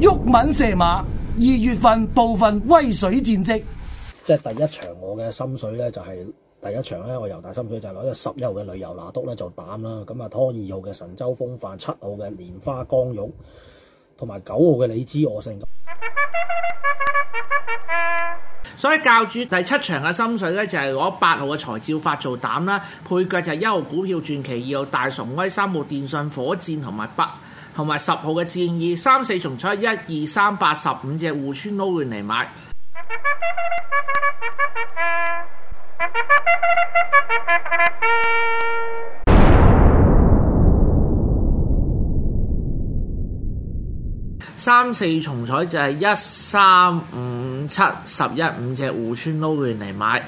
毓民射馬二月份部分威水戰績，即係第一場我嘅心水咧就係第一場咧我由大心水就係攞咗十一號嘅旅遊拿督咧做膽啦，咁啊拖二號嘅神州風範、七號嘅蓮花光玉同埋九號嘅你知我勝，所以教主第七場嘅心水咧就係攞八號嘅財照發做膽啦，配腳就係一號股票傳奇、二號大崇威、三號電信火箭同埋北，同埋十號嘅戰意，三四重彩一二三八十五隻戶村撈亂嚟買，三四重彩就係一三五七十一五隻戶村撈亂嚟買。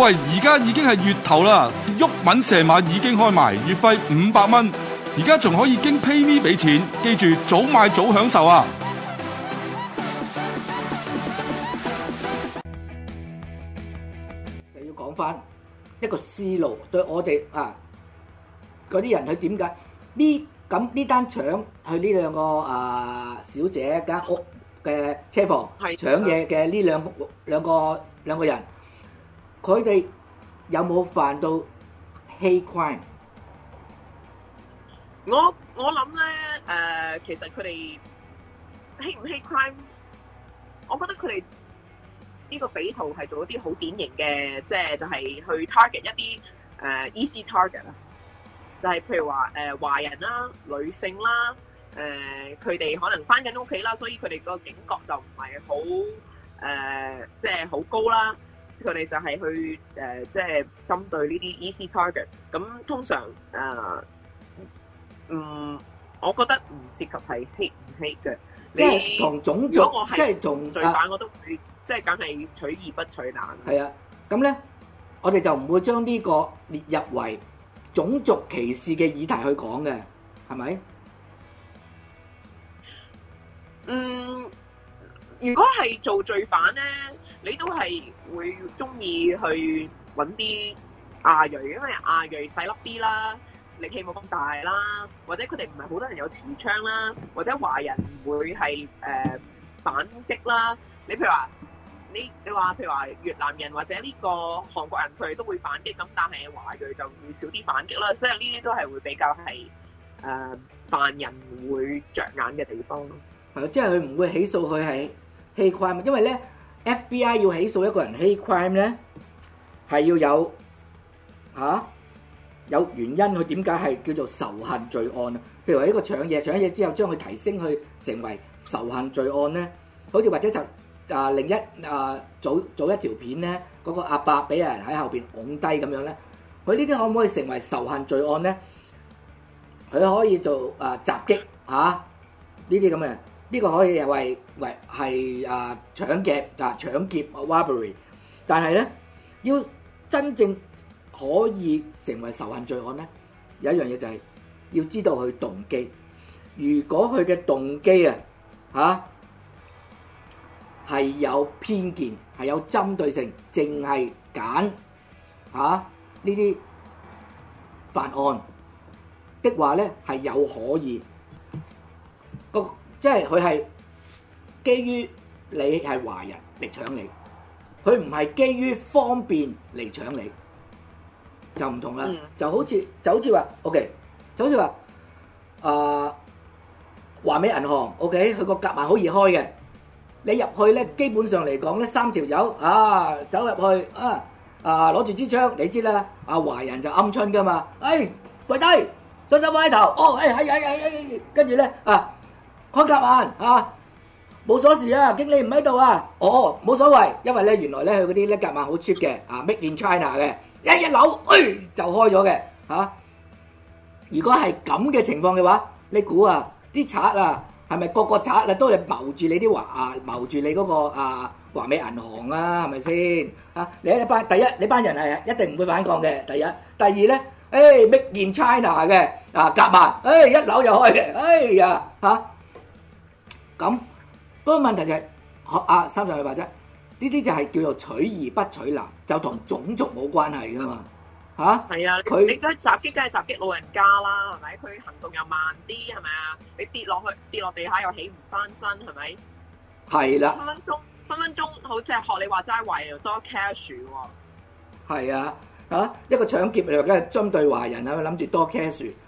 喂，而家已經係月頭啦，沃敏射馬已經開埋，月費五百蚊，而家仲可以經 PayMe 俾錢，記住早買早享受啊！就要講翻一個思路，對我哋啊嗰啲人，係點解呢？咁呢單搶去呢兩個啊小姐間屋嘅車房搶嘢嘅呢兩兩個兩個人。佢哋有冇犯到 hate crime？我我諗咧，誒、呃，其實佢哋 hate 唔 hate crime？我覺得佢哋呢個比圖係做一啲好典型嘅，即係就係、是、去 target 一啲誒、呃、easy target 啦，就係譬如話誒、呃、華人啦、女性啦、誒佢哋可能返緊屋企啦，所以佢哋個警覺就唔係好誒，即係好高啦。佢哋就係去誒，即、呃、係、就是、針對呢啲 easy target。咁通常誒，唔、呃嗯，我覺得唔涉及係 hate 唔 hate 嘅。即係同種族，即係同罪犯、啊、我都會即係梗係取易不取難。係啊，咁咧，我哋就唔會將呢個列入為種族歧視嘅議題去講嘅，係咪？嗯，如果係做罪犯咧？你都係會鍾意去揾啲亞裔，因為亞裔細粒啲啦，力氣冇咁大啦，或者佢哋唔係好多人有持槍啦，或者華人會係誒、呃、反擊啦。你譬如話，你你話譬如話越南人或者呢個韓國人，佢都會反擊，咁但係華裔就會少啲反擊啦。即係呢啲都係會比較係誒、呃、犯人會着眼嘅地方咯。係即係佢唔會起訴佢係欺慣，因為咧，FBI 要起訴一個人 hate crime 咧，係要有嚇、啊，有原因。佢點解係叫做仇恨罪案啊？譬如一個搶嘢，搶嘢之後將佢提升去成為仇恨罪案咧，好似或者就啊另一啊早早一條片咧，嗰、嗰個阿伯俾人喺後邊拱低咁樣咧，佢呢啲可唔可以成為仇恨罪案咧？佢可以做啊襲擊嚇呢啲咁嘅。啊這呢個可以又係為係啊搶劫啊搶劫 robbery，但係咧要真正可以成為仇恨罪案咧，有一樣嘢就係要知道佢動機。如果佢嘅動機啊嚇係有偏見，係有針對性，淨係揀嚇呢啲犯案的話咧係有可以。即係佢係基於你係華人嚟搶你，佢唔係基於方便嚟搶你，就唔同啦、嗯。就好似就好似話，OK，就好似話，啊，華美銀行，OK，佢個夾埋好易開嘅。你入去咧，基本上嚟講咧，三條友啊走入去啊啊攞住支槍，你知啦，啊華人就鵪鶉噶嘛，哎跪低，伸手歪頭，哦，哎係係跟住咧啊。夾萬嚇冇鎖匙啊！經理唔喺度啊！哦，冇所謂，因為咧原來咧佢嗰啲叻夾萬好 cheap 嘅啊，made in China 嘅，一一扭，哎就開咗嘅嚇。如果係咁嘅情況嘅話，你估啊啲賊啊係咪個個賊啊都係謀住你啲華啊謀住你嗰個啊華美銀行啊係咪先啊？你一班第一你班人係一定唔會反抗嘅。第一，第二咧，哎 made in China 嘅啊夾萬，哎一扭就開嘅，哎呀嚇！咁嗰、那個問題就係學阿三仔佢話啫，呢啲就係叫做取而不取拿，就同種族冇關係噶嘛吓？係啊，佢、啊、你啲他襲擊梗係襲擊老人家啦，係咪？佢行動又慢啲，係咪啊？你跌落去跌落地下又起唔翻身，係咪？係啦，分分鐘分分鐘好似係學你話齋，華人多 cash 喎。係啊，嚇、啊啊、一個搶劫又梗係針對華人啊，諗住多 cash 喎。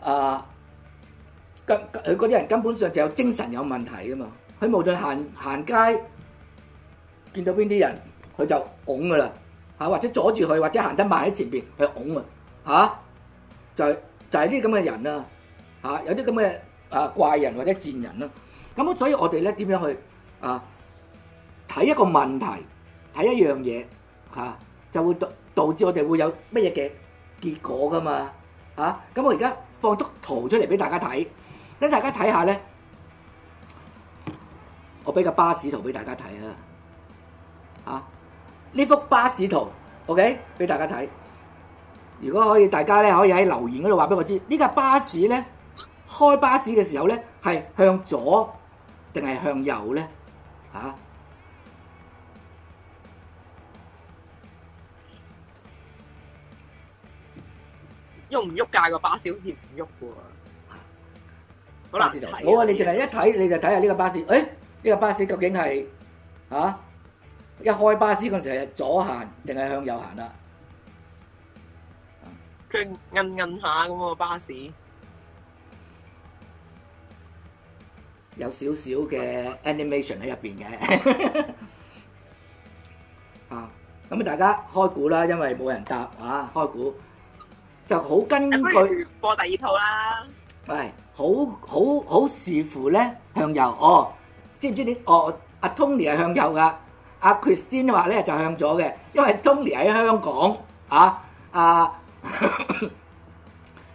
啊，根佢嗰啲人根本上就有精神有問題噶嘛！佢無端端行行街，見到邊啲人佢就拱噶啦嚇，或者阻住佢，或者行得慢喺前邊佢拱啊嚇，就係、係、就係啲咁嘅人啦、啊、嚇、啊，有啲咁嘅啊怪人或者賤人啦。咁啊，所以我哋咧點樣去啊睇一個問題，睇一樣嘢嚇、啊，就會導導致我哋會有乜嘢嘅結果噶嘛嚇。咁、啊、我而家。放幅圖出嚟俾大家睇，等大家睇下咧。我俾個巴士圖俾大家睇啊！啊，呢幅巴士圖，OK，俾大家睇。如果可以，大家咧可以喺留言嗰度話俾我知，呢架巴士咧開巴士嘅時候咧係向左定係向右咧？啊？喐唔喐架個巴士好似唔喐嘅喎。好難睇。好啊，你淨係一睇你就睇下呢個巴士，誒，呢個巴士究竟係啊？一開巴士嗰陣時係左行定係向右行啦？佢摁摁下咁個巴士，有少少嘅 animation 喺入邊嘅啊！咁啊，大家開估啦，因為冇人答啊，開估。就好根據播第二套啦，係好好好視乎咧向右哦，知唔知點？哦，阿、啊、Tony 係向右噶，阿 Christine 話咧就向左嘅，因為 Tony 喺香港啊，阿、啊、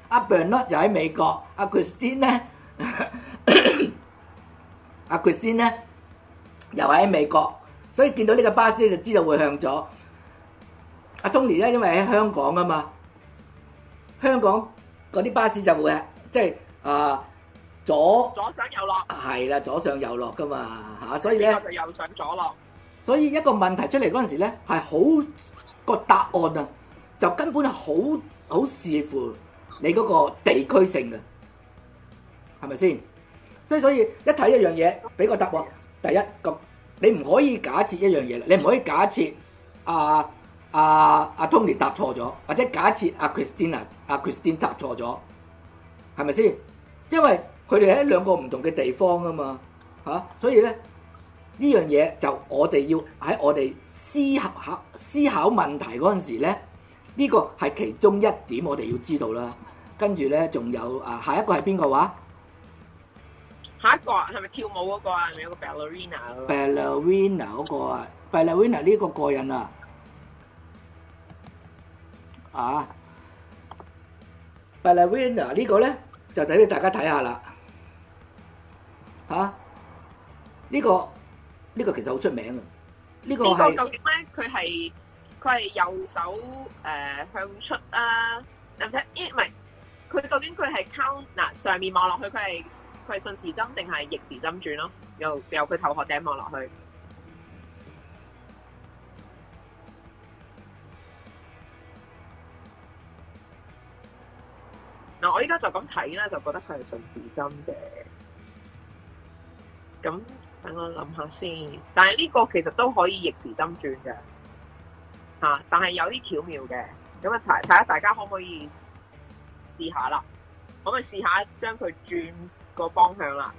阿、 啊、Bernard 又喺美國，阿 Christine 咧，阿 Christine 咧又喺美國，所以見到呢個巴士就知道就會向左。阿、啊、Tony 咧因為喺香港啊嘛。香港嗰啲巴士就會啊，即係啊左左上右落係啦，左上右落㗎嘛吓，所以咧右上左落。所以一個問題出嚟嗰陣時咧，係好個答案啊，就根本係好好視乎你嗰個地區性嘅，係咪先？所以所以一睇一樣嘢俾個答案，第一個你唔可以假設一樣嘢，你唔可以假設啊。阿阿 Tony 答錯咗，或者假設阿、啊、Kristina 阿、啊、Kristina 答錯咗，係咪先？因為佢哋喺兩個唔同嘅地方嘛啊嘛嚇，所以咧呢樣嘢就我哋要喺我哋思考考、啊、思考問題嗰陣時咧，呢個係其中一點我哋要知道啦。跟住咧仲有啊，下一個係邊個話？下一個啊，係咪跳舞嗰個啊？係咪有個 ballerina？ballerina 嗰個啊 ballerina 呢個個人啊。啊 Butler Winner 呢個咧就準備俾大家睇下啦，嚇、啊，呢、這個呢、這個其實好出名嘅，呢、這個係究竟咧佢係佢係右手誒、呃、向出啊，或者咦唔係佢究竟佢係靠嗱上面望落去佢係佢係順時針定係逆時針轉咯？由由佢頭殼頂望落去。我依家就咁睇咧，就覺得佢係順時針嘅。咁等我諗下先，但係呢個其實都可以逆時針轉嘅。嚇、啊！但係有啲巧妙嘅，咁啊睇睇下大家可唔可以試下啦？可唔可以試下將佢轉個方向啦？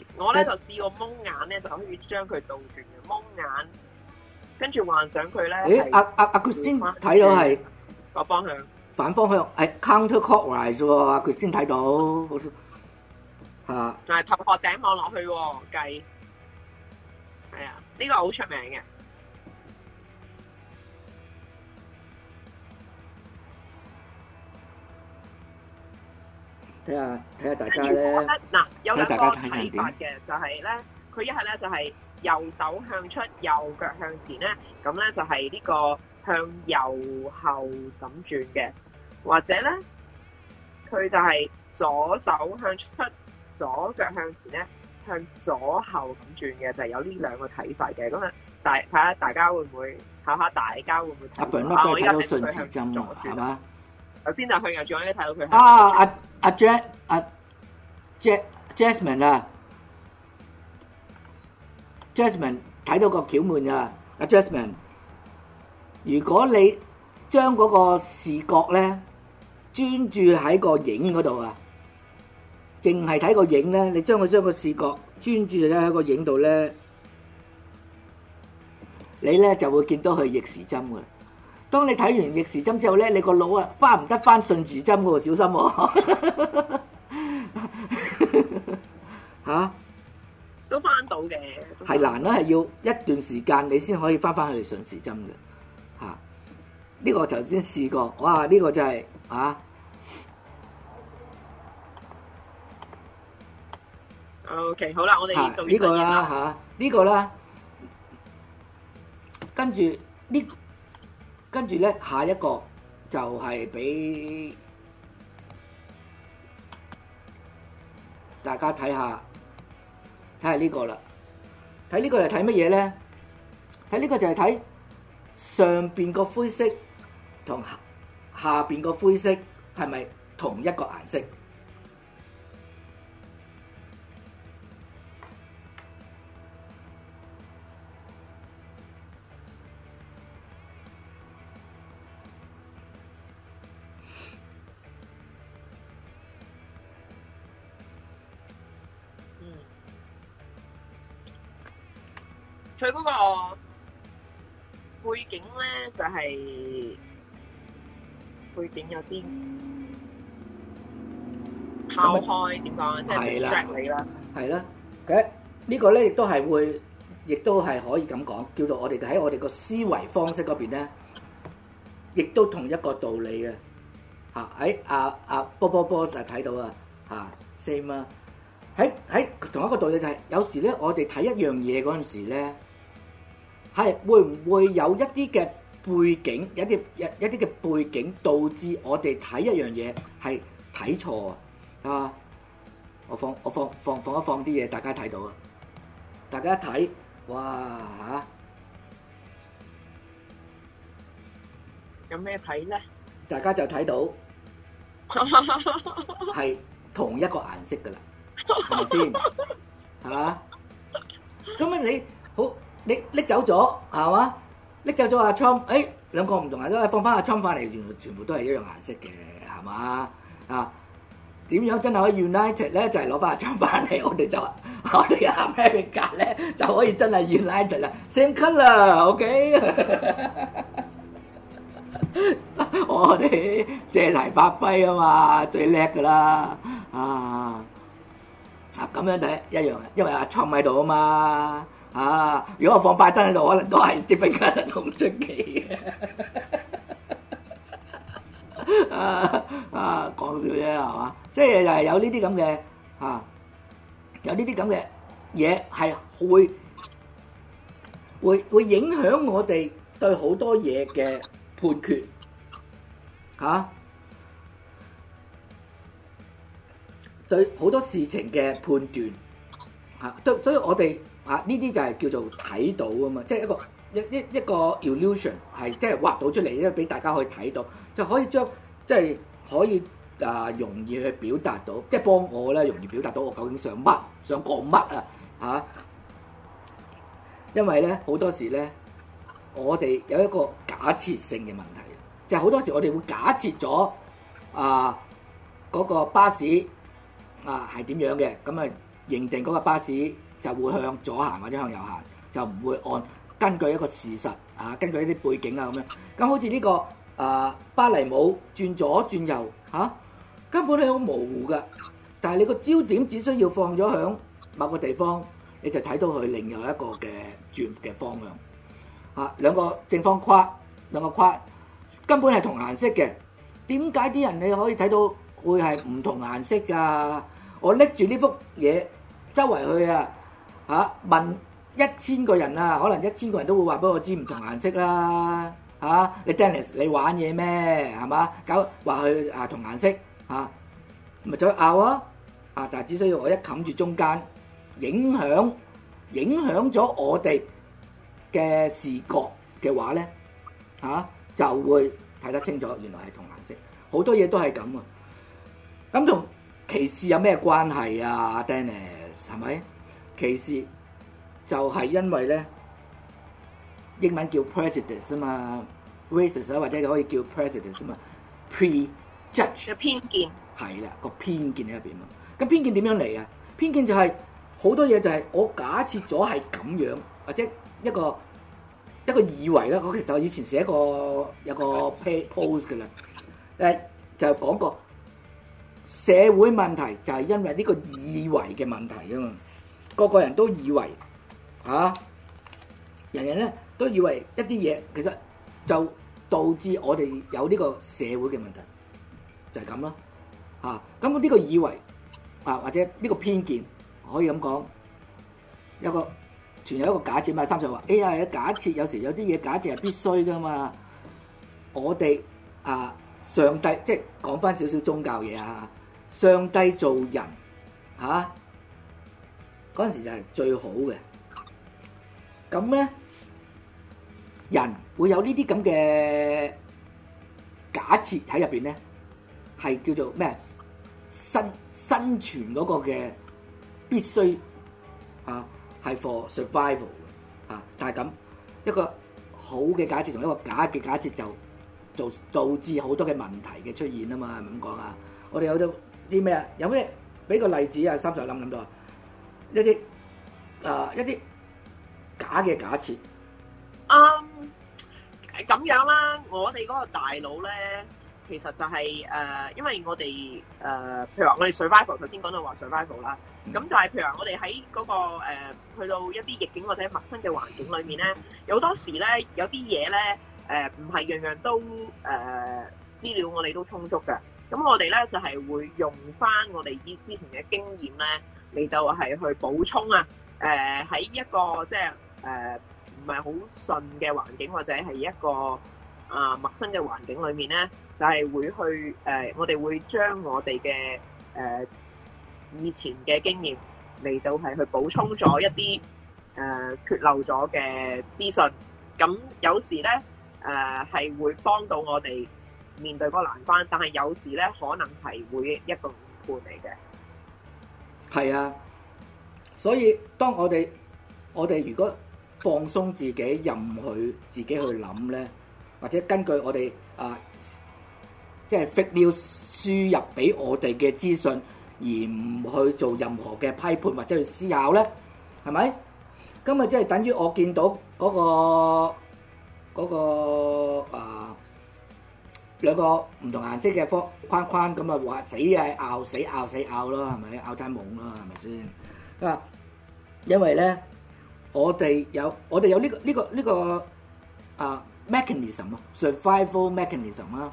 嗯、我咧就試過蒙眼咧，就可以將佢倒轉嘅蒙眼。跟住幻想佢咧，誒阿阿阿 Kristen 睇、欸是啊啊、到係個方向反方向係 counter clockwise 喎，阿 Kristen 睇到，嚇，係頭殼頂望落去喎、哦，計係啊，呢、這個好出名嘅。睇下睇下大家咧，嗱有兩個睇法嘅，呢就係、是、咧，佢一係咧就係，右手向出，右腳向前咧，咁、嗯、咧就係、是、呢個向右後咁轉嘅，或者咧佢就係左手向出，左腳向前咧向左後咁轉嘅，就係、是、有呢兩個睇法嘅。咁、嗯、啊，大睇下大家會唔會考下大家會唔會？阿 Ben 我而家睇到順時針左轉啊！頭先嗎就向右轉，我而家睇到佢啊阿阿 Jack 阿 Jack Jasmine 啊！啊啊 Jasmine, 啊 Jasmine, 啊 Jasmine 睇到個竅門呀，阿 Jasmine，如果你將嗰個視覺咧專注喺個影嗰度啊，淨係睇個影咧，你將佢將個視覺專注咧喺個影度咧，你咧就會見到佢逆時針嘅。當你睇完逆時針之後咧，你個腦啊返唔得返順時針嘅喎，小心喎，嚇！都翻到嘅，係難啦，係要一段時間你先可以翻翻去順時針嘅，吓呢個頭先試過，哇呢個就係吓，OK 好啦，我哋做呢個啦吓，呢個啦，跟住呢，跟住咧下一個就係俾大家睇下。睇下呢個啦，睇呢個嚟睇乜嘢呢？睇呢個就係睇上面個灰色同下，下面個灰色係咪同一個顏色？佢嗰個背景咧，就係背景有啲拋開，點講啊？即係 reject 你啦，係啦。誒，呢個咧亦都係會，亦都係可以咁講，叫做我哋喺我哋個思維方式嗰邊咧，亦都同一個道理嘅。嚇喺阿阿波波波就睇到啊，嚇 same 啊，喺喺同一個道理就係有時咧，我哋睇一樣嘢嗰陣時咧，係會唔會有一啲嘅背景，一啲一一啲嘅背景導致我哋睇一樣嘢係睇錯啊？啊！我放我放放放一放啲嘢，大家睇到啊！大家一睇，哇嚇！有咩睇咧？大家就睇到係同一個顏色㗎喇，係咪先？嚇！咁咪你好。你拎走咗係嘛？拎走咗阿窗，誒、哎、兩個唔同啊，都係放翻阿窗翻嚟，全部全部都係一樣顏色嘅係嘛啊？點樣真係可以 unite 齊咧？就係攞翻阿窗翻嚟，我哋就我哋 American 咧就可以真係 unite 齊啦，same colour，OK？我哋借題發揮啊嘛，最叻噶啦啊，啊咁樣睇一樣，因為阿窗喺度啊嘛。啊！如果我放拜登喺度，可能都係得分加得唔出奇嘅。啊啊，講笑啫，係嘛？即係係有呢啲咁嘅啊，有呢啲咁嘅嘢係會會會影響我哋對好多嘢嘅判決嚇，對好多事情嘅判斷嚇，對，所以我哋。啊！呢啲就係叫做睇到啊嘛，即係一個一一一，一個 illusion 係即係畫到出嚟咧，俾大家可以睇到，就可以將即係可以啊、呃、容易去表達到，即係幫我咧容易表達到我究竟想乜想講乜啊！啊，因為咧好多時咧，我哋有一個假設性嘅問題，就係、係、好多時我哋會假設咗啊嗰個巴士啊係點樣嘅，咁啊認定嗰個巴士。呃就會向左行或者向右行，就唔會按根據一個事實啊，根據一啲背景啊咁樣。咁好似呢個誒芭蕾舞轉左轉右嚇、啊，根本係好模糊嘅。但係你個焦點只需要放咗喺某個地方，你就睇到佢另一個嘅轉嘅方向。嚇、啊，兩個正方框，兩個框根本係同顏色嘅。點解啲人你可以睇到會係唔同顏色㗎？我拎住呢幅嘢周圍去啊！嚇問一千個人啊，可能一千個人都會話俾我知唔同顏色啦嚇！你 Dennis 你玩嘢咩係嘛？搞話佢啊同顏色嚇，咪再拗啊嚇！但係只需要我一冚住中間，影響影響咗我哋嘅視覺嘅話咧嚇，就會睇得清楚，原來係同顏色，好多嘢都係咁啊！咁同歧視有咩關係啊？Dennis 係咪？其實就係、是、因為咧，英文叫 prejudice 啊嘛，racist 或者可以叫 prejudice 啊嘛，prejudge 個偏見係啦，個偏見喺入邊嘛。咁偏見點樣嚟啊？偏見就係、是、好多嘢就係我假設咗係咁樣，或者一個一個以為啦。我其實我以前寫過一個有個 post 嘅啦，誒就講個社會問題就係因為呢個以為嘅問題啊嘛。個個人都以為啊，人人咧都以為一啲嘢，其實就導致我哋有呢個社會嘅問題，就係咁咯啊！咁我呢個以為啊，或者呢個偏見可以咁講，一個存有一個假設嘛、啊。三上話：哎呀，假設有時有啲嘢假設係必須噶嘛。我哋啊，上帝即係講翻少少宗教嘢啊，上帝做人嚇。啊嗰陣時就係最好嘅，咁咧人會有呢啲咁嘅假設喺入邊咧，係叫做咩生生存嗰個嘅必須啊，係 for survival 啊，就係咁一個好嘅假設，同一個假嘅假設就造導致好多嘅問題嘅出現啊嘛，咁講啊，我哋有咗啲咩啊？有咩俾個例子啊？三上諗諗到。一啲啊、呃，一啲假嘅假設。嗯，咁樣啦，我哋嗰個大佬咧，其實就係、是、誒、呃，因為我哋誒、呃，譬如話我哋 Survival 頭先講到話 Survival 啦，咁就係譬如話我哋喺嗰個、呃、去到一啲逆境或者陌生嘅環境裏面咧，好多時咧有啲嘢咧誒，唔係樣樣都誒、呃、資料我哋都充足嘅，咁我哋咧就係、是、會用翻我哋啲之前嘅經驗咧。嚟到係去補充啊，誒喺一個即係誒唔係好順嘅環境，或者係一個啊陌生嘅環境裏面咧，就係會去誒，我哋會將我哋嘅誒以前嘅經驗嚟到係去補充咗一啲誒缺漏咗嘅資訊。咁有時咧誒係會幫到我哋面對嗰個難關，但係有時咧可能係會一個誤判嚟嘅。係啊，所以當我哋我哋如果放鬆自己，任佢自己去諗咧，或者根據我哋啊，即係 fake news 輸入俾我哋嘅資訊，而唔去做任何嘅批判或者去思考咧，係咪？咁咪即係等於我見到嗰個嗰個啊～兩個唔同顏色嘅框框咁啊，話死啊，拗死拗死拗咯，係咪？拗齋懵咯，係咪先？啊，因為咧，我哋有我哋有呢個呢個呢個啊 mechanism 啊，survival mechanism 啊，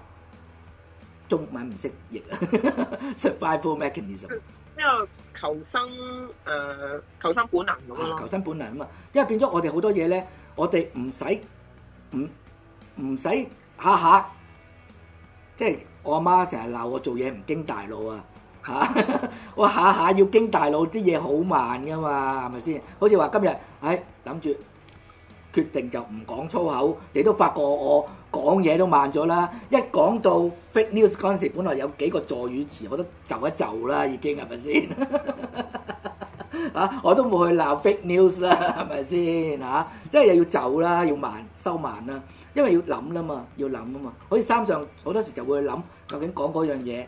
中文唔識譯啊 ，survival mechanism，呢個求生誒、呃、求生本能咁樣、啊啊、求生本能啊嘛，因為變咗我哋好多嘢咧，我哋唔使唔唔使下下。即係我阿媽成日鬧我做嘢唔經大腦啊！嚇、啊， 我下下要經大腦，啲嘢好慢㗎嘛，係咪先？好似話今日唉，諗住決定就唔講粗口，你都發覺我講嘢都慢咗啦。一講到 fake news 嗰陣時，本來有幾個助語詞，我都就一就啦，已經係咪先？嚇、 啊，我都冇去鬧 fake news 啦，係咪先？嚇、啊，即係又要就啦，要慢收慢啦。因為要諗啊嘛，要諗啊嘛。所以三上好多時就會去諗，究竟講嗰樣嘢，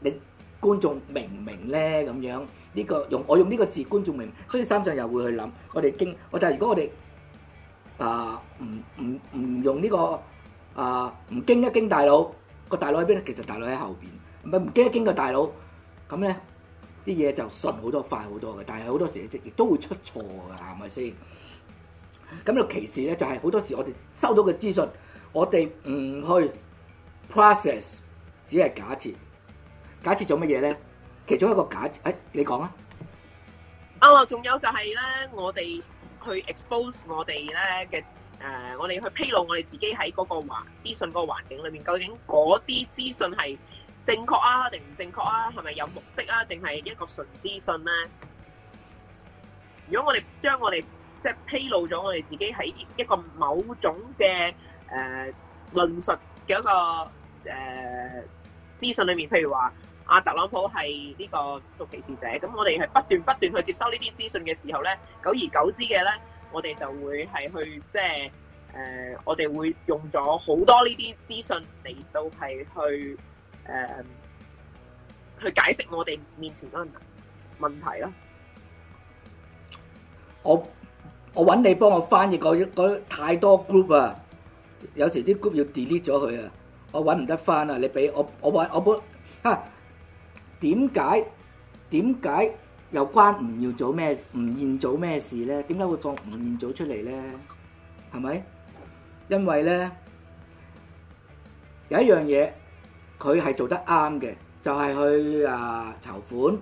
你觀眾明唔明咧？咁樣呢、呢個用我用呢個字，觀眾明。所以三上又會去諗，我哋經我但係如果我哋啊唔唔唔用呢、呢個啊唔驚一驚大佬，個大佬喺邊咧？其實大佬喺後邊，唔係唔驚一驚個大佬，咁咧啲嘢就順好多，快好多嘅。但係好多時亦都會出錯噶，係咪先？咁就歧視咧，就係好多時我哋收到嘅資訊，我哋唔去 process，只係假設。假設做乜嘢咧？其中一個假設，誒、欸，你講啊。啊，仲有就係咧，我哋去 expose 我哋咧嘅誒，我哋去披露我哋自己喺嗰個環資訊嗰個環境裏面，究竟嗰啲資訊係正確啊，定唔正確啊？係咪有目的啊？定係一個純資訊咧？如果我哋將我哋即係披露咗我哋自己喺一個某種嘅誒論述嘅一個誒資訊裏面，譬如話阿、啊、特朗普係呢個獨歧視者，咁我哋係不斷不斷去接收呢啲資訊嘅時候咧，久而久之嘅咧，我哋就會係去即係誒，我哋會用咗好多呢啲資訊嚟到係去誒、呃、去解釋我哋面前嗰個問題囉。好我揾你幫我翻譯嗰嗰太多 group 啊！有時啲 group 要 delete 咗佢啊，我揾唔得翻啦。你俾我，我揾我幫嚇。點解點解又關吳耀祖咩吳彥祖咩事咧？點解會放吳彥祖出嚟咧？係咪？因為咧，有一樣嘢佢係做得啱嘅，就係去啊籌款，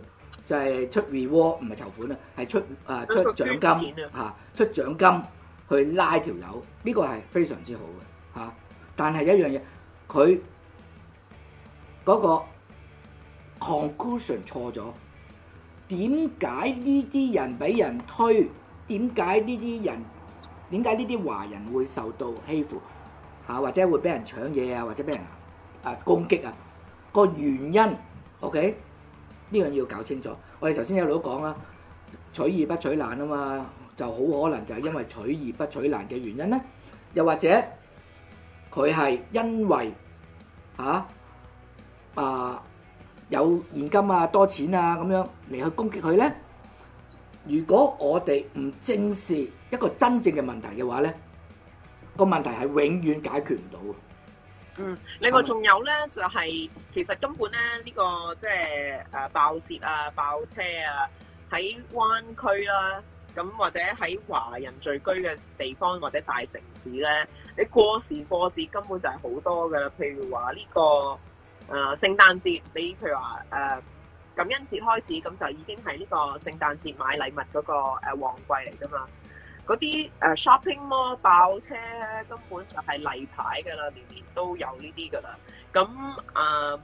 就係出 reward 唔係籌款啊，係出啊出獎金嚇。出獎金去拉條友，呢、這個係非常之好嘅嚇、啊。但係一樣嘢，佢嗰、那個 conclusion 錯咗。點解呢啲人俾人推？點解呢啲人？點解呢啲華人會受到欺負嚇、啊？或者會俾人搶嘢啊？或者俾人啊攻擊啊？擊啊這個原因 OK？呢樣要搞清楚。我哋頭先有講啦，取易不取難啊嘛。就好可能就係因為取易不取難嘅原因咧，又或者佢係因為嚇啊有現金啊多錢啊咁樣嚟去攻擊佢咧。如果我哋唔正視一個真正嘅問題嘅話咧，個問題係永遠解決唔到嘅。嗯，另外仲有咧就係其實根本咧呢個即係誒爆竊啊、爆車啊喺灣區啦。咁或者喺華人聚居嘅地方或者大城市咧，你過時過節根本就係好多噶啦，譬如話呢、這個誒、呃、聖誕節，你譬如話誒、呃、感恩節開始，咁就已經係呢個聖誕節買禮物嗰、那個旺、呃、季嚟噶嘛，嗰啲誒、呃、shopping mall 爆車根本就係例牌噶啦，年年都有呢啲噶啦。咁啊、呃，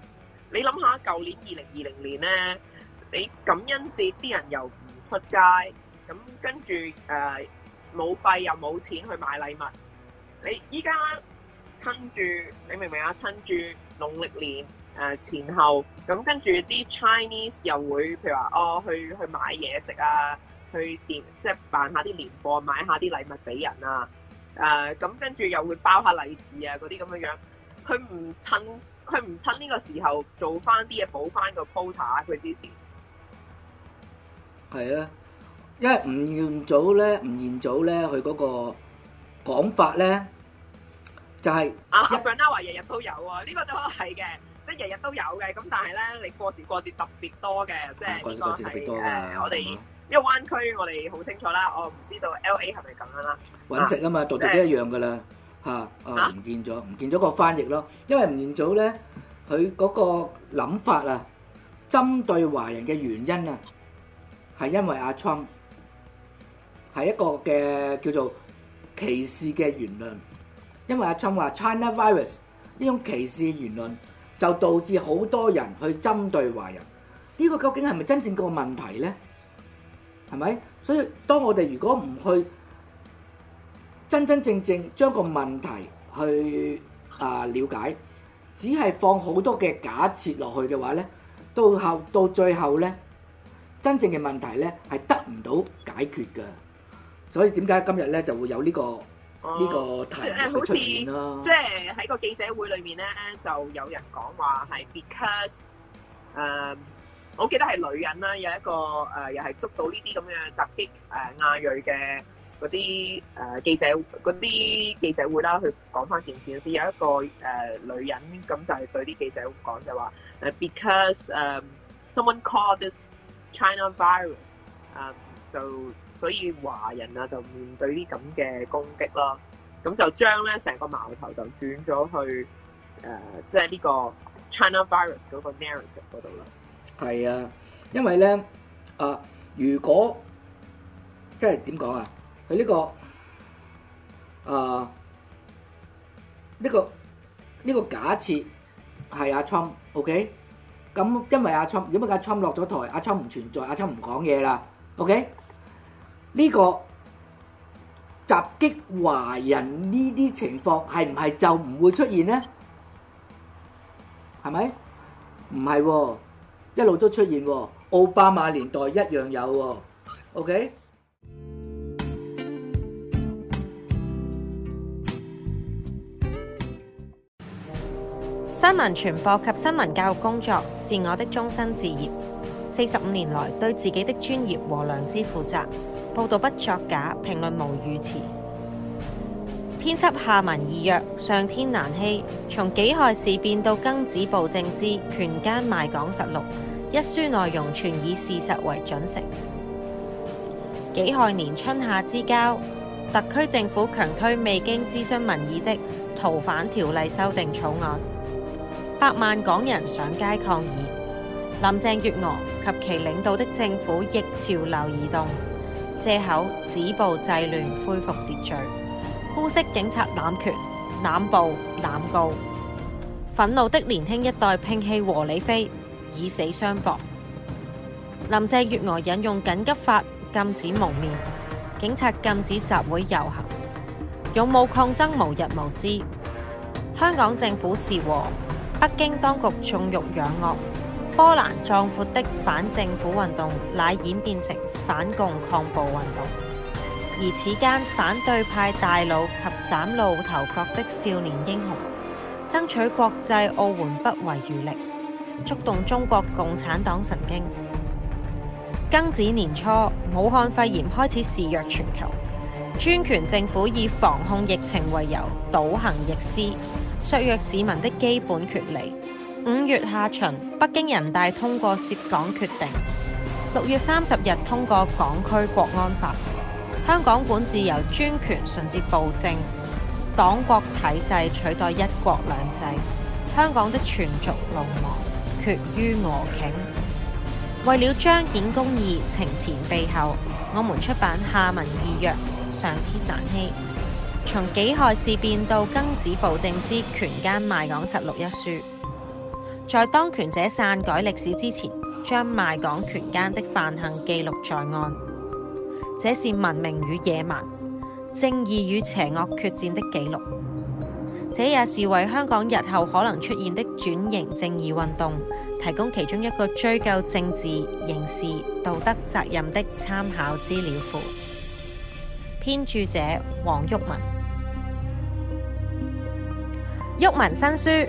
你諗下舊年二零二零年咧，你感恩節啲人又唔出街。咁跟住誒，老、呃、費又冇錢去買禮物。你依家趁住，你明唔明啊？趁住農曆年誒、呃、前後，咁、嗯、跟住啲 Chinese 又會譬如話哦，去去買嘢食啊，去點即係辦一下啲年貨，買一下啲禮物俾人啊。誒、呃、咁跟住又會包下利是啊，嗰啲咁樣樣。佢唔趁，佢唔趁呢個時候做翻啲嘢補翻個 quota 佢之前。係啊。因為吳彥祖咧，吳彥祖咧，佢嗰個講法咧，就係啊，日本人話日日都有啊，呢個都係嘅，即係日日都有嘅。咁但係咧，你過時過節特別多嘅，即係過時過節特別多嘅，我哋，因為灣區我哋好清楚啦。我唔知道 L A 係咪咁樣啦，揾食啊嘛，度度都一樣噶啦，嚇啊唔見咗，唔見咗個翻譯咯。因為吳彥祖咧，佢嗰個諗法啊，針對華人嘅原因啊，係因為阿聰。係一個嘅叫做歧視嘅言論，因為阿侵話 China virus 呢種歧視言論就導致好多人去針對華人，呢、這個究竟係咪真正個問題呢？係咪？所以當我哋如果唔去真真正正將個問題去啊了解，只係放好多嘅假設落去嘅話呢，到後到最後呢，真正嘅問題呢係得唔到解決嘅。所以點解今日咧就會有呢、呢個呢、哦、個題出面啦？即係喺個記者會裏面咧，就有人講話係 because 誒、呃，我記得係女人啦，有一個誒、呃，又係捉到呢啲咁樣襲擊誒、呃、亞裔嘅嗰啲誒記者啲記者會啦，去講翻件事先。有一個誒、呃、女人咁、嗯、就係對啲記者講就話誒，because 誒、呃、someone called this China virus，so、呃所以華人啊，就面對啲咁嘅攻擊咯。咁就將咧成個矛頭就轉咗去誒，即係呢個 China Virus 嗰個 Narrative 嗰度啦。係啊，因為咧啊，如果即係點講啊，佢呢個啊呢個呢個假設係阿侵，OK？咁因為阿侵，因為阿侵落咗台，阿侵唔存在，阿侵唔講嘢啦，OK？呢個襲擊華人呢啲情況係唔係就唔會出現呢？係咪唔係一路都出現喎？奧巴馬年代一樣有喎。OK。新聞傳播及新聞教育工作是我的終身志業。四十五年來，對自己的專業和良知負責。報道不作假，評論無預設。編輯下文意曰：上天難欺。從己亥事變到庚子暴政之，權奸賣港實錄。一書內容全以事實為準繩。己亥年春夏之交，特區政府強推未經諮詢民意的逃犯條例修訂草案，百萬港人上街抗議。林鄭月娥及其領導的政府亦潮流移動。借口止暴制亂，恢復秩序，污蔑警察濫權、濫暴、濫告。憤怒的年輕一代拼棄和理非，以死相搏。林鄭月娥引用緊急法禁止蒙面，警察禁止集會遊行。勇武抗爭無日無之。香港政府是和，北京當局縱慾養惡。波蘭壯闊的反政府運動，乃演變成反共抗暴運動，而此間反對派大佬及嶄露頭角的少年英雄，爭取國際奧援不遺餘力，觸動中國共產黨神經。庚子年初，武漢肺炎開始肆虐全球，專權政府以防控疫情為由，倒行逆施，削弱市民的基本權利。五月下旬，北京人大通過涉港決定；六月三十日通過港區國安法，香港管治由專權順至暴政，黨國體制取代一國兩制，香港的全族龍亡，決於俄頃。為了彰顯公義，情前備後，我們出版下文異約，上天難欺。從己亥事變到庚子暴政之權奸賣港實錄一書。在當權者篡改歷史之前，將賣港權奸的犯行記錄在案，這是文明與野蠻、正義與邪惡決戰的記錄。這也是為香港日後可能出現的轉型正義運動提供其中一個追究政治、刑事、道德責任的參考資料庫。編著者黃毓民，毓民新書。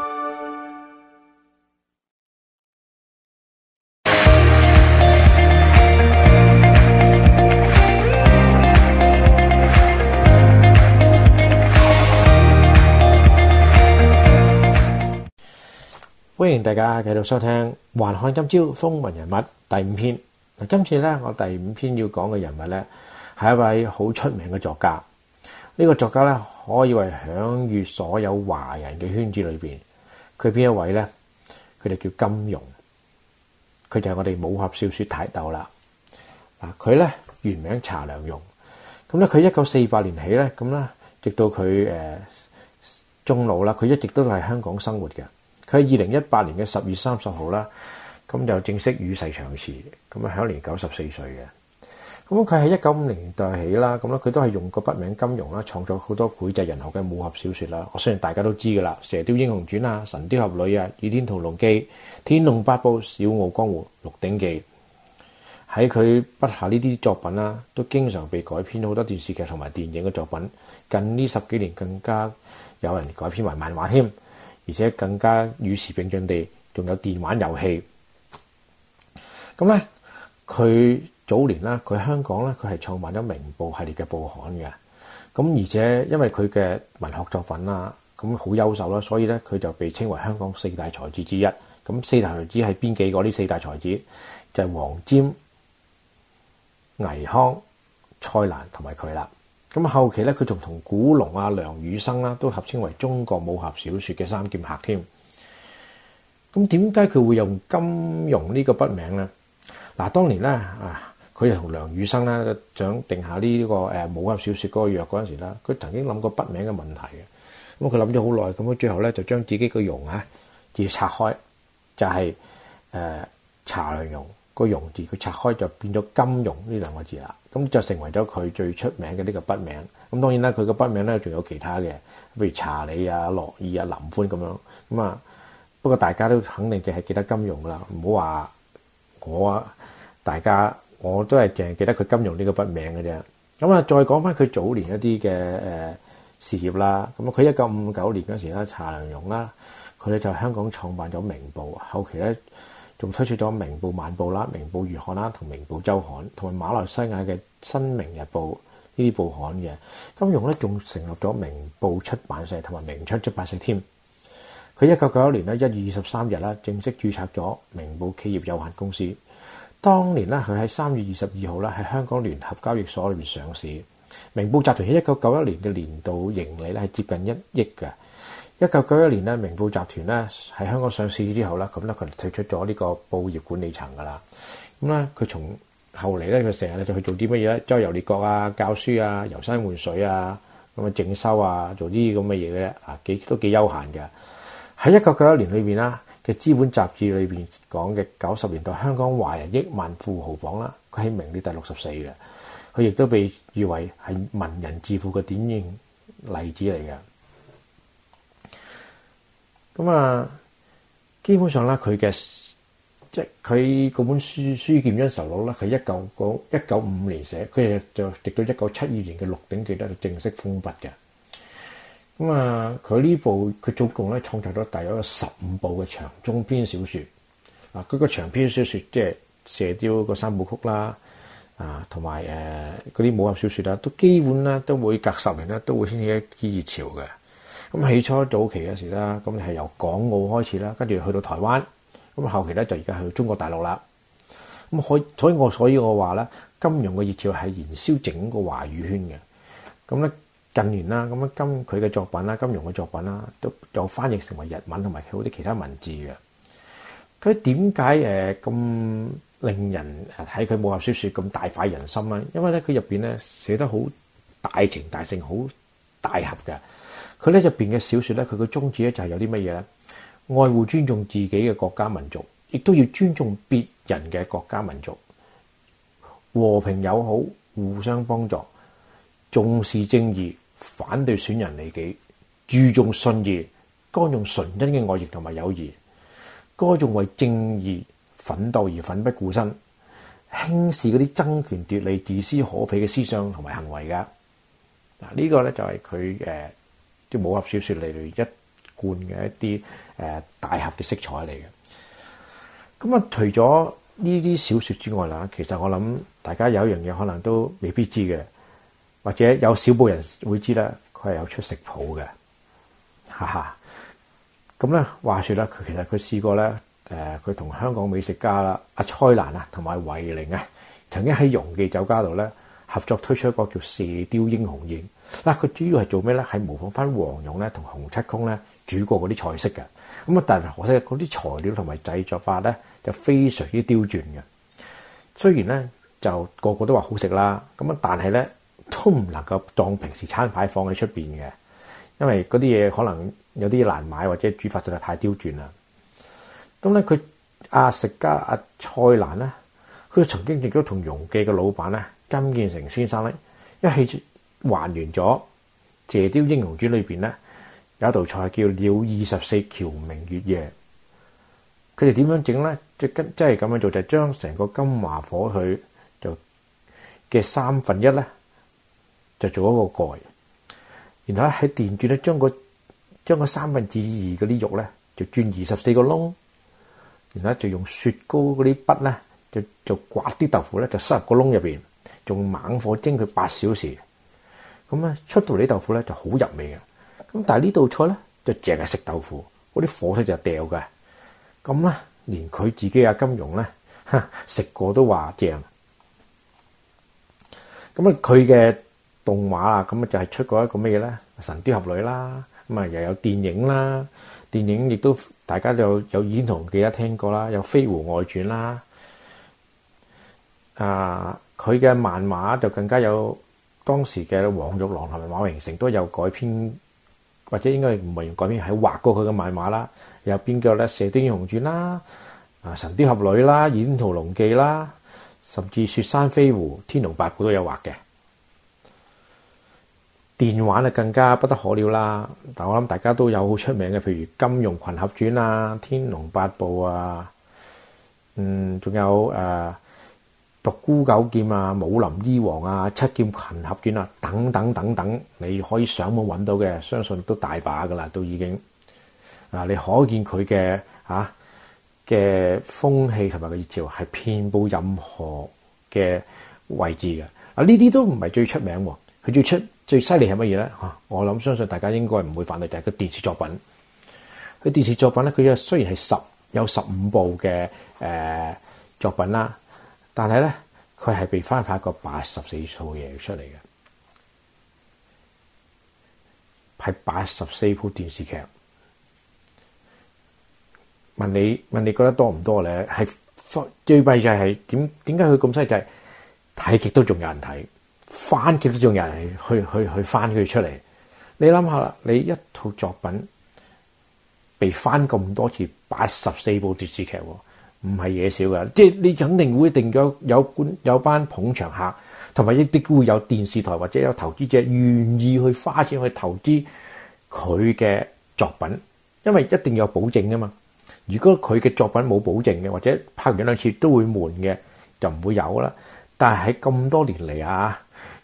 歡迎大家繼續收聽《還看今朝風雲人物》第五篇。嗱，今次咧，我第五篇要講嘅人物咧，係一位好出名嘅作家。呢個作家咧，可以為享譽所有華人嘅圈子裏邊。佢邊一位咧？佢就叫金庸。佢就係我哋武俠小說泰斗啦。嗱，佢咧原名查良鏞。咁咧，佢一九四八年起咧，咁咧，直到佢誒終老啦，佢一直都係香港生活嘅。佢係二零一八年嘅十月三十號啦，咁就正式與世長辭，咁啊享年九十四歲嘅。咁佢喺一九五年代起啦，咁咧佢都係用個筆名金庸啦，創作好多膾炙人口嘅武俠小說啦。我相信大家都知噶啦，《射雕英雄傳》啊，《神雕俠侶》啊，《倚天屠龍記》《天龍八部》《笑傲江湖》《鹿鼎記》，喺佢筆下呢啲作品啦，都經常被改編好多電視劇同埋電影嘅作品。近呢十幾年更加有人改編為漫畫添。而且更加與時並進地，仲有電玩遊戲。咁咧，佢早年啦，佢香港咧，佢係創辦咗《明報》系列嘅報刊嘅。咁而且因為佢嘅文學作品啦，咁好優秀啦，所以咧佢就被稱為香港四大才子之一。咁四大才子係邊幾個？呢四大才子就係、是、黃霑、倪匡、蔡瀾同埋佢啦。咁後期咧，佢仲同古龍啊、梁羽生啦，都合稱為中國武俠小説嘅三劍客添。咁點解佢會用金庸呢個筆名咧？嗱，當年咧啊，佢就同梁羽生咧想定下呢個誒武俠小説嗰個約嗰陣時咧，佢曾經諗過筆名嘅問題嘅。咁佢諗咗好耐，咁佢最後咧就將自己個鏞啊字拆開，就係誒查良鏞。個鏞字佢拆開就變咗金庸呢兩個字啦，咁就成為咗佢最出名嘅呢個筆名。咁當然啦，佢個筆名咧仲有其他嘅，譬如查理啊、樂意啊、林歡咁樣。咁啊，不過大家都肯定淨係記得金庸啦，唔好話我大家我都係淨係記得佢金庸呢個筆名嘅啫。咁啊，再講翻佢早年一啲嘅誒事業啦。咁佢一九五九年嗰陣時咧，查良鏞啦，佢咧就香港創辦咗明報，後期咧，仲推出咗《明報晚報》啦，《明報月刊》啦同《明報週刊》，同埋馬來西亞嘅《新明日報》呢啲報刊嘅。金庸咧仲成立咗《明報出版社》同埋《明窗出版社》添。佢一九九一年咧一月二十三日啦，正式註冊咗《明報企業有限公司》。當年咧佢喺三月二十二號咧喺香港聯合交易所裏面上市。明報集團喺一九九一年嘅年度盈利咧係接近一億嘅。一九九一年咧，明報集團咧喺香港上市之後咧，咁咧佢退出咗呢個報業管理層噶啦。咁咧佢從後嚟咧，佢成日咧就去做啲乜嘢咧？周遊列國啊，教書啊，遊山玩水啊，咁啊整修啊，做啲咁嘅嘢嘅啫。啊，幾都幾悠閒嘅。喺一九九一年裏邊啦嘅《資本雜誌》裏邊講嘅九十年代香港華人億萬富豪榜啦，佢喺名列第六十四嘅。佢亦都被譽為係文人致富嘅典型例子嚟嘅。咁啊，基本上咧，佢嘅即係佢嗰本書《書劍恩仇錄》咧，佢一九嗰一九五五年寫，佢就直到一九七二年嘅鹿鼎記咧就正式封筆嘅。咁、嗯、啊，佢呢部佢總共咧創作咗大約十五部嘅長中篇小説。啊，嗰個長篇小説即係射雕個三部曲啦，啊、呃，同埋誒嗰啲武俠小説啦，都基本咧都會隔十年咧都會掀起一啲熱潮嘅。咁起初早期嘅時啦，咁係由港澳開始啦，跟住去到台灣，咁後期咧就而家去到中國大陸啦。咁可所以我所以我話咧，金庸嘅熱潮係燃燒整個華語圈嘅。咁咧近年啦，咁咧金佢嘅作品啦，金庸嘅作品啦，都有翻譯成為日文同埋好啲其他文字嘅。佢點解誒咁令人喺佢武俠小説咁大快人心咧？因為咧佢入邊咧寫得好大情大性，好大俠嘅。佢呢入邊嘅小説咧，佢個宗旨咧就係有啲乜嘢咧？愛護尊重自己嘅國家民族，亦都要尊重別人嘅國家民族，和平友好，互相幫助，重視正義，反對損人利己，注重信義，歌頌純真嘅愛意同埋友誼，歌頌為正義奮鬥而奮不顧身，輕視嗰啲爭權奪利、自私可鄙嘅思想同埋行為㗎。嗱、這個，呢個咧就係佢誒。啲武俠小説嚟，嚟一貫嘅一啲誒大俠嘅色彩嚟嘅。咁啊除咗呢啲小説之外啦，其實我諗大家有一樣嘢可能都未必知嘅，或者有少部分人會知啦，佢係有出食譜嘅，哈 哈！咁咧話説咧，佢其實佢試過咧誒，佢同香港美食家啦阿蔡瀾啊同埋唯靈啊，曾經喺容記酒家度咧。合作推出一個叫射雕英雄宴。嗱，佢主要係做咩咧？係模仿翻黃蓉咧同洪七公咧煮過嗰啲菜式嘅，咁啊。但係可惜嗰啲材料同埋製作法咧就非常之刁鑽嘅。雖然咧就個個都話好食啦，咁啊，但係咧都唔能夠當平時餐牌放喺出邊嘅，因為嗰啲嘢可能有啲難買，或者煮法實在太刁鑽啦。咁咧，佢阿食家阿蔡瀾咧，佢曾經亦都同容記嘅老闆咧。金建成先生咧一起還原咗《射雕英雄傳》裏邊咧有一道菜叫《鳥二十四橋明月夜》，佢哋點樣整咧？即跟即係咁樣做，就將成個金華火腿就嘅三分一咧，就做一個蓋，然後咧喺電鑽咧，將個將個三分之二嗰啲肉咧就轉二十四個窿，然後就用雪糕嗰啲筆咧就就刮啲豆腐咧就塞入個窿入邊。仲猛火蒸佢八小時，咁啊出到啲豆腐咧就好入味嘅。咁但係呢道菜咧就淨係食豆腐，嗰啲火色就掉嘅。咁咧連佢自己阿金庸咧食過都話正。咁啊佢嘅動畫啊咁啊就係出過一個咩嘢咧《神雕俠侶》啦，咁啊又有電影啦，電影亦都大家都有有耳同記得聽過啦，有《飛狐外傳》啦，啊。佢嘅漫畫就更加有當時嘅黃玉郎同埋馬榮成都有改編，或者應該唔係用改編，喺畫過佢嘅漫畫啦。有邊個咧《射雕英雄傳》啦、啊，《神雕俠侶》啦、啊，《倚天屠龍記》啦、啊，甚至雪山飛狐、天龍八部都有畫嘅。電玩啊，更加不得可料啦！但我諗大家都有好出名嘅，譬如《金庸群俠傳》啊，《天龍八部》啊，嗯，仲有誒。呃獨孤九劍啊，武林醫王啊，七劍群俠傳啊，等等等等，你可以上網揾到嘅，相信都大把噶啦，都已經啊，你可見佢嘅啊嘅風氣同埋個熱潮係遍佈任何嘅位置嘅啊，呢啲都唔係最出名，佢最出最犀利係乜嘢咧？吓、啊，我諗相信大家應該唔會反對，就係、是、個電視作品。佢電視作品咧，佢又雖然係十有十五部嘅誒、呃、作品啦。但係咧，佢係被翻拍一個八十四套嘢，出嚟嘅，係八十四部電視劇。問你問你覺得多唔多咧？係最弊就係點點解佢咁犀利？睇極都仲有人睇，翻極都仲有人去去去，去翻佢出嚟。你諗下啦，你一套作品被翻咁多次，八十四部電視劇。唔係嘢少嘅，即係你肯定會定有有，有班捧場客，同埋一定會有電視台或者有投資者願意去花錢去投資佢嘅作品，因為一定要有保證嘅嘛。如果佢嘅作品冇保證嘅，或者拍完兩次都會悶嘅，就唔會有啦。但係喺咁多年嚟啊，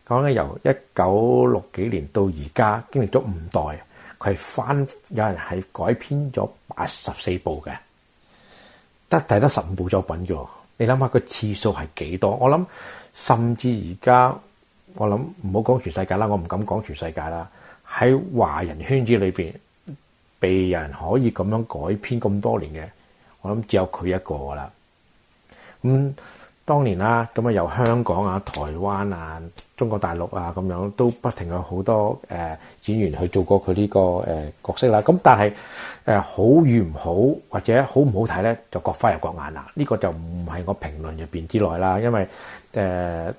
講緊由一九六幾年到而家，經歷咗五代，佢係翻有人係改編咗八十四部嘅。得睇得十五部作品嘅，你諗下個次數係幾多？我諗甚至而家，我諗唔好講全世界啦，我唔敢講全世界啦。喺華人圈子裏邊，被人可以咁樣改編咁多年嘅，我諗只有佢一個啦。咁、嗯。當年啦，咁啊由香港啊、台灣啊、中國大陸啊咁樣，都不停有好多誒演員去做過佢呢個誒角色啦。咁但係誒好與唔好，或者好唔好睇咧，就各花入各眼啦。呢、這個就唔係我評論入邊之內啦，因為誒、呃、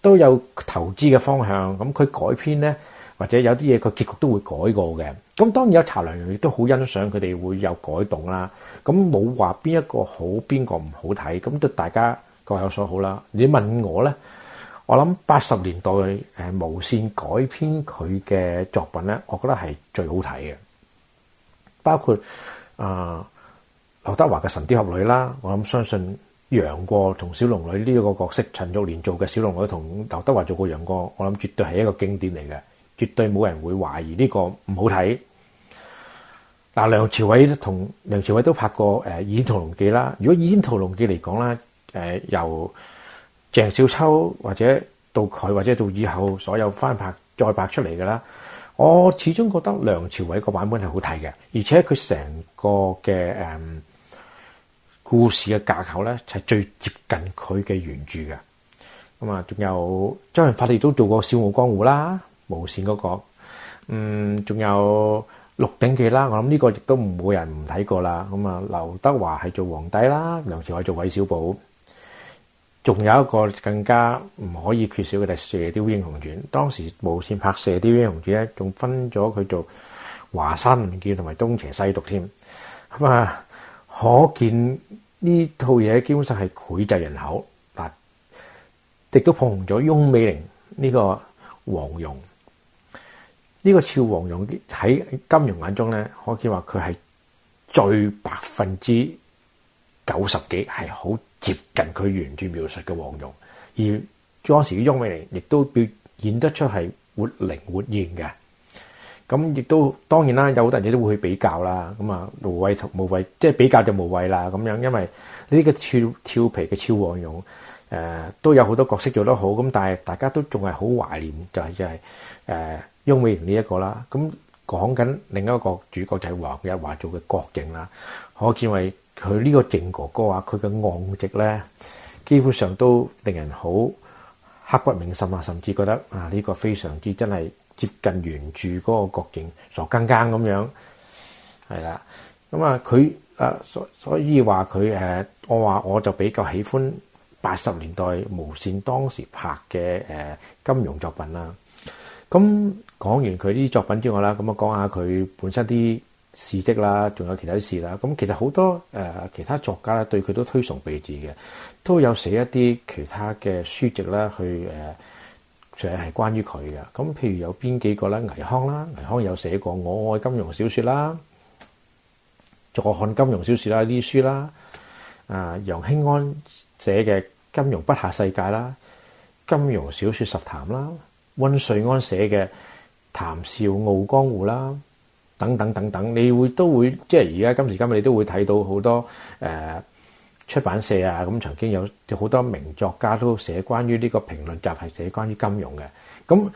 都有投資嘅方向。咁佢改編咧，或者有啲嘢佢結局都會改過嘅。咁當然有查良鏞亦都好欣賞佢哋會有改動啦。咁冇話邊一個好，邊個唔好睇。咁都大家。各有所好啦。你問我咧，我諗八十年代誒無線改編佢嘅作品咧，我覺得係最好睇嘅，包括啊、呃、劉德華嘅《神鵰俠侶》啦。我諗相信楊過同小龍女呢一個角色，陳玉蓮做嘅小龍女同劉德華做過楊過，我諗絕對係一個經典嚟嘅，絕對冇人會懷疑呢個唔好睇。嗱、呃，梁朝偉同梁朝偉都拍過誒《倚天屠龍記》啦。如果《倚天屠龍記》嚟講咧，誒、呃，由鄭少秋或者到佢，或者到以後所有翻拍，再拍出嚟嘅啦，我始終覺得梁朝偉個版本係好睇嘅，而且佢成個嘅誒、嗯、故事嘅架構咧係、就是、最接近佢嘅原著嘅。咁、嗯、啊，仲有周潤發你都做過《笑傲江湖》啦，無綫嗰、那個，嗯，仲有《鹿鼎記》啦，我諗呢個亦都冇人唔睇過啦。咁、嗯、啊，劉德華係做皇帝啦，梁朝偉做韋小寶。仲有一個更加唔可以缺少嘅就係《射雕英雄傳》，當時無線拍《射雕英雄傳》咧，仲分咗佢做華山論劍同埋東邪西毒添，咁啊，可見呢套嘢基本上係膾炙人口，但亦都捧紅咗翁美玲呢個黃蓉，呢個俏黃蓉喺金庸眼中咧，可以話佢係最百分之九十幾係好接近佢原著描述嘅黃蓉，而當時嘅翁美玲亦都表現得出係活靈活現嘅。咁亦都當然啦，有好多人都會去比較啦。咁啊，無謂無謂，即係比較就無謂啦。咁樣，因為呢個俏俏皮嘅俏黃蓉，誒、呃、都有好多角色做得好。咁但係大家都仲係好懷念就係誒翁美玲呢一個啦。咁講緊另一個主角就係黃日華做嘅郭靖啦。可見為。佢呢個靖哥哥啊，佢嘅惡藉咧，基本上都令人好刻骨銘心啊，甚至覺得啊，呢、呢個非常之真係接近原著嗰個郭靖，傻更更咁樣，係啦。咁啊，佢啊，所所以話佢誒，我話我就比較喜歡八十年代無線當時拍嘅誒、啊、金庸作品啦。咁、啊、講完佢啲作品之外啦，咁啊講下佢本身啲。事蹟啦，仲有其他事啦。咁其實好多誒其他作家咧對佢都推崇備至嘅，都有寫一啲其他嘅書籍啦，去、呃、誒，就係係關於佢嘅。咁譬如有邊幾個咧？倪匡啦，倪匡有寫過《我愛金庸小説》啦，《坐看金庸小説》啦呢啲書啦。啊，楊興安寫嘅《金庸筆下世界》啦，《金庸小説十談》啦，温瑞安寫嘅《談笑傲江湖》啦。等等等等，你會都會即係而家今時今日，你都會睇到好多誒、呃、出版社啊，咁曾經有好多名作家都寫關於呢個評論集，係寫關於金庸嘅。咁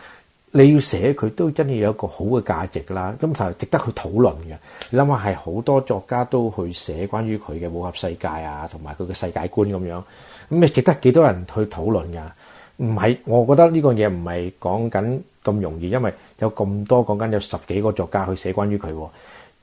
你要寫佢都真係有一個好嘅價值㗎啦，咁就值得去討論嘅。你諗下係好多作家都去寫關於佢嘅武俠世界啊，同埋佢嘅世界觀咁樣，咁你值得幾多人去討論噶？唔係，我覺得呢個嘢唔係講緊。咁容易，因為有咁多講緊有十幾個作家去寫關於佢，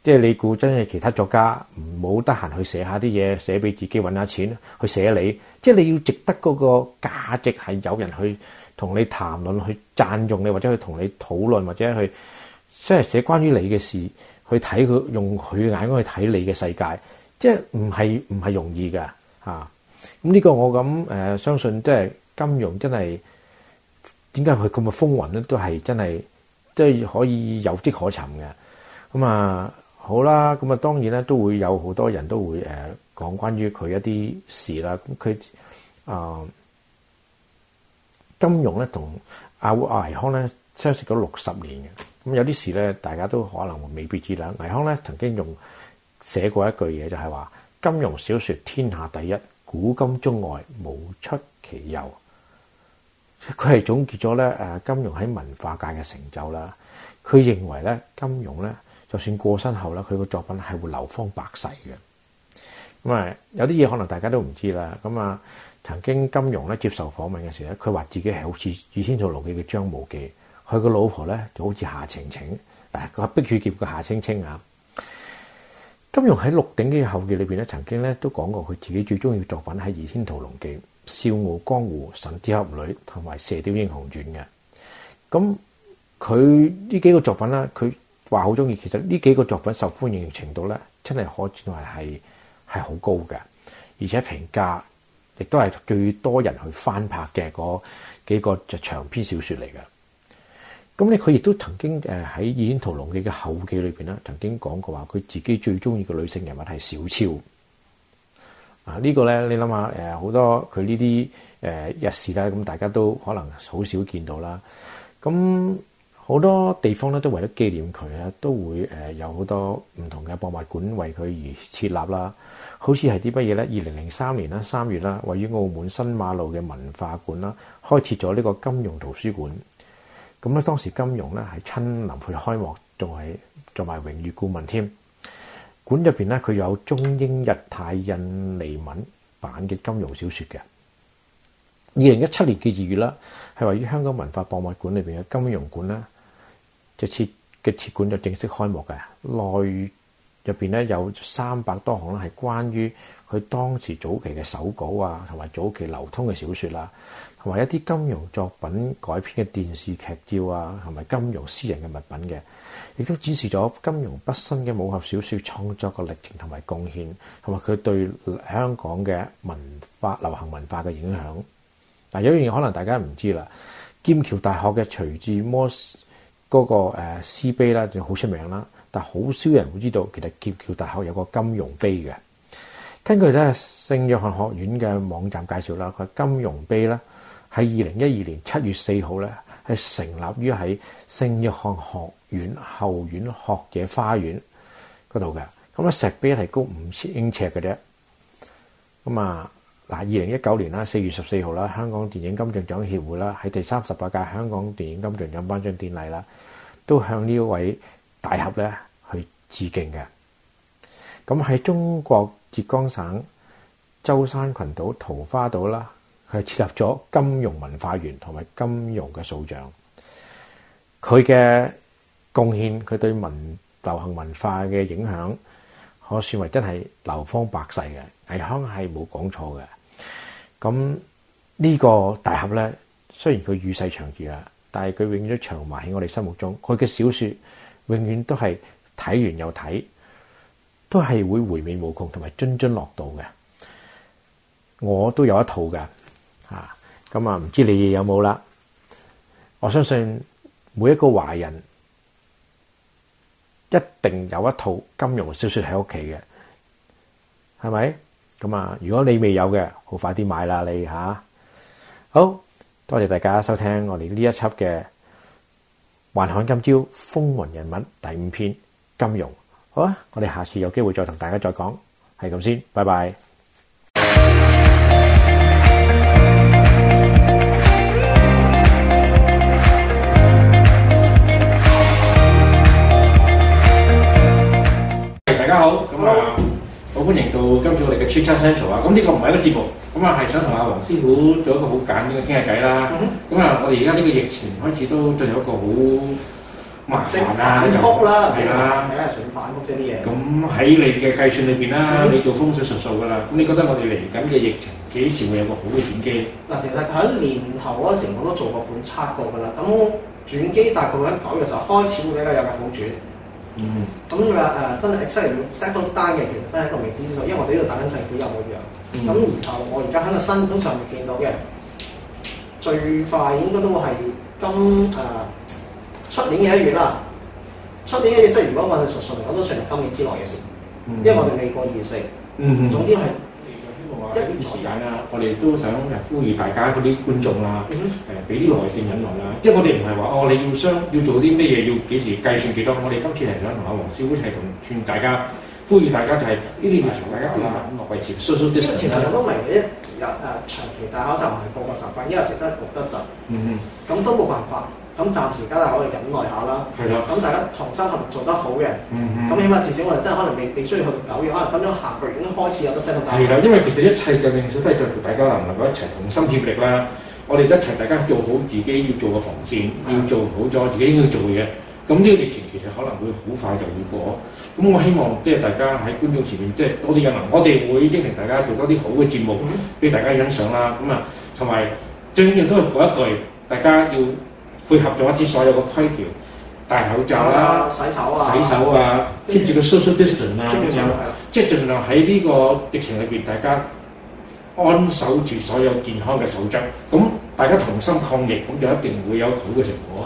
即係你估真係其他作家唔好得閒去寫下啲嘢，寫俾自己揾下錢去寫你，即係你要值得嗰個價值係有人去同你談論，去贊助你，或者去同你討論，或者去即係寫關於你嘅事，去睇佢用佢嘅眼光去睇你嘅世界，即係唔係唔係容易㗎嚇。咁、啊、呢個我咁誒、呃、相信，即係金庸真係。點解佢咁嘅風雲咧？都係真係，都係可以有跡可尋嘅。咁啊，好啦，咁啊當然咧，都會有好多人都會誒講關於佢一啲事啦。咁佢啊，金庸咧同阿倪匡咧相識咗六十年嘅。咁有啲事咧，大家都可能會未必知啦。倪匡咧曾經用寫過一句嘢，就係、是、話：金庸小説天下第一，古今中外無出其右。佢係總結咗咧誒金庸喺文化界嘅成就啦。佢認為咧金庸咧就算過身後咧，佢個作品係會流芳百世嘅。咁啊，有啲嘢可能大家都唔知啦。咁啊，曾經金庸咧接受訪問嘅時候咧，佢話自己係好似《倚天屠龍記》嘅張無忌，佢個老婆咧就好似夏晴晴，佢話《碧血劍》嘅夏青青啊。金庸喺《鹿鼎記》嘅後記裏邊咧，曾經咧都講過佢自己最中意嘅作品喺《倚天屠龍記》。《笑傲江湖》神之女《神雕俠侶》同埋《射鵰英雄傳》嘅，咁佢呢幾個作品啦，佢話好中意。其實呢幾個作品受歡迎程度咧，真係可認為係係好高嘅，而且評價亦都係最多人去翻拍嘅嗰幾個就長篇小說嚟嘅。咁咧，佢亦都曾經誒喺《倚天屠龍記》嘅後記裏邊啦，曾經講過話，佢自己最中意嘅女性人物係小昭。啊！個呢個咧，你諗下，誒好多佢呢啲誒日事咧，咁大家都可能好少見到啦。咁好多地方咧都為咗紀念佢咧，都會誒有好多唔同嘅博物館為佢而設立啦。好似係啲乜嘢咧？二零零三年啦，三月啦，位於澳門新馬路嘅文化館啦，開設咗呢個金庸圖書館。咁咧，當時金庸咧係親臨去開幕，仲係做埋榮譽顧問添。館入邊咧，佢有中英日泰印尼文版嘅金庸小説嘅。二零一七年嘅二月啦，係位於香港文化博物館裏邊嘅金庸館啦，就設嘅設館就正式開幕嘅。內入邊咧有三百多項啦，係關於佢當時早期嘅手稿啊，同埋早期流通嘅小説啦，同埋一啲金庸作品改編嘅電視劇照啊，同埋金庸私人嘅物品嘅。亦都展示咗金庸畢生嘅武俠小説創作嘅歷程同埋貢獻，同埋佢對香港嘅文化、流行文化嘅影響。嗱，有樣嘢可能大家唔知啦，劍橋大學嘅徐志摩嗰、那個誒詩、呃、碑咧就好出名啦，但係好少人會知道其實劍橋大學有個金庸碑嘅。根據咧聖約翰學院嘅網站介紹啦，佢金庸碑咧喺二零一二年七月四號咧。係成立於喺聖約翰學院後院學者花園嗰度嘅，咁啊石碑係高五英尺嘅啫。咁啊嗱，二零一九年啦，四月十四號啦，香港電影金像獎協會啦，喺第三十八屆香港電影金像獎頒獎典禮啦，都向呢位大俠咧去致敬嘅。咁喺中國浙江省舟山群島桃花島啦。佢係設立咗金庸文化園同埋金庸嘅塑像，佢嘅貢獻，佢對文流行文化嘅影響，可算為真係流芳百世嘅。倪匡係冇講錯嘅。咁呢個大俠咧，雖然佢與世長辭啦，但係佢永遠都長埋喺我哋心目中。佢嘅小說永遠都係睇完又睇，都係會回味無窮同埋津津樂道嘅。我都有一套嘅。咁啊，唔知你有冇啦？我相信每一個華人一定有一套金庸小説喺屋企嘅，係咪？咁啊，如果你未有嘅，好快啲買啦你嚇！好，多謝大家收聽我哋呢一輯嘅《還看今朝風雲人物》第五篇金庸。好啊，我哋下次有機會再同大家再講，係咁先，拜拜。歡迎到今次我哋嘅諮詢 Central 啊！咁、這、呢個唔係一個節目，咁啊係想同阿黃師傅做一個好簡單嘅傾下偈啦。咁啊、嗯哼，我哋而家呢個疫情開始都進入一個好麻煩啊，想反覆啦，係啦，誒、嗯哼，全反覆啫啲嘢。咁喺你嘅計算裏邊啦，你做風水術數噶啦，咁你覺得我哋嚟緊嘅疫情幾時會有個好嘅轉機？嗱，其實喺年頭嗰陣時我都做過盤測過噶啦，咁轉機大概喺九月就開始會比較有個好轉。嗯，咁佢話誒真係 accept 到 set 到單嘅，其實真係一個未知之數，因為我哋呢度打緊政府有冇樣。咁、mm hmm. 然後我而家喺個新盤上面見到嘅，最快應該都係今誒出、呃、年嘅一月啦。出年嘅一月即係如果我哋純純嚟講，都算喺今年之內嘅事。Mm hmm. 因為我哋未過二月四。嗯嗯、mm。Hmm. 總之係。段、這個、時間啦、啊，我哋都想誒呼籲大家嗰啲觀眾啦、啊，誒俾啲耐性忍耐啦。即係我哋唔係話哦，你要想要做啲咩嘢，要幾時計算幾多。我哋今次係想少同阿黃師傅一齊同勸大家，呼籲大家就係呢啲唔同大家啦，咁落季時所以啲食。其實都明嘅，有誒、呃、長期戴口罩就係個個習慣，因為食得焗得滯，咁、嗯、哼都冇辦法。咁暫時而家可以忍耐下啦。係啦的。咁大家同心合作做得好嘅。嗯嗯哼。咁起碼至少我哋真係可能未必需要去到九月。可能分分鐘下個月已經開始有得收咁大。係啦，因為其實一切嘅命水都係靠大家能唔能夠一齊同心協力啦。我哋一齊大家做好自己要做嘅防線，的要做好咗自己應該做嘅嘢。咁呢個疫情其實可能會好快就會過。咁我希望即係大家喺觀眾前面，即係我哋人民，我哋會應承大家做多啲好嘅節目俾、嗯、大家欣賞啦。咁、嗯、啊，同埋最緊要都係嗰一句，大家要配合咗一啲所有嘅規條，戴口罩啦、啊、洗手啊、洗手啊，keep 住個 social distance 啊，嗯就是、即係盡量喺呢個疫情裏面，大家安守住所有健康嘅守則，咁大家同心抗疫，咁就一定會有好嘅成果。